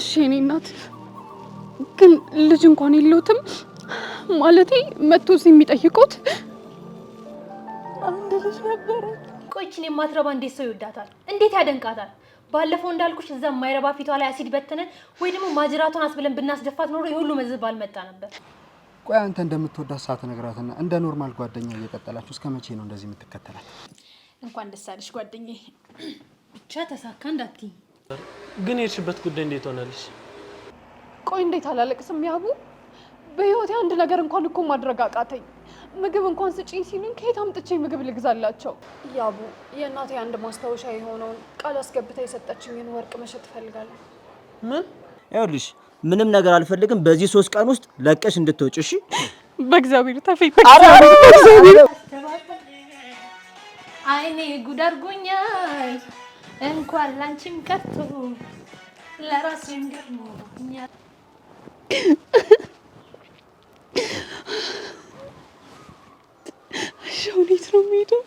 እሺ የኔ እናት ግን ልጅ እንኳን የለውትም ማለቴ መጥቶ እዚህ የሚጠይቁት አንድ ልጅ ነበረ። ቆይችን የማትረባ እንዴት ሰው ይወዳታል? እንዴት ያደንቃታል? ባለፈው እንዳልኩሽ እዛ የማይረባ ፊቷ ላይ አሲድ በትነን ወይ ደግሞ ማጅራቷን አስብለን ብናስደፋት ኖሮ የሁሉ መዘዝ ባልመጣ ነበር። ቆይ አንተ እንደምትወዳት ሰዓት ነግራትና እንደ ኖርማል ጓደኛ እየቀጠላችሁ እስከ መቼ ነው እንደዚህ የምትከተላት? እንኳን ደስ አለሽ ጓደኛ ብቻ ተሳካ እንዳትይ ግን የሄድሽበት ጉዳይ እንዴት ሆነልሽ? ቆይ እንዴት አላለቅስም? ያቡ በህይወቴ አንድ ነገር እንኳን እኮ ማድረግ አቃተኝ። ምግብ እንኳን ስጪ ሲሉኝ ከየት አምጥቼ ምግብ ልግዛላቸው? ያቡ የእናቴ አንድ ማስታወሻ የሆነውን ቃል አስገብታ የሰጠችኝን ወርቅ መሸጥ እፈልጋለሁ። ምን? ይኸውልሽ ምንም ነገር አልፈልግም። በዚህ ሶስት ቀን ውስጥ ለቀሽ እንድትወጭ እሺ? በእግዚአብሔር ተፈይ። አይኔ ጉዳርጎኛል እንኳን ላንቺም ቀርቶ ለራሴም ደግሞ አሻው እንዴት ነው የሚሄደው?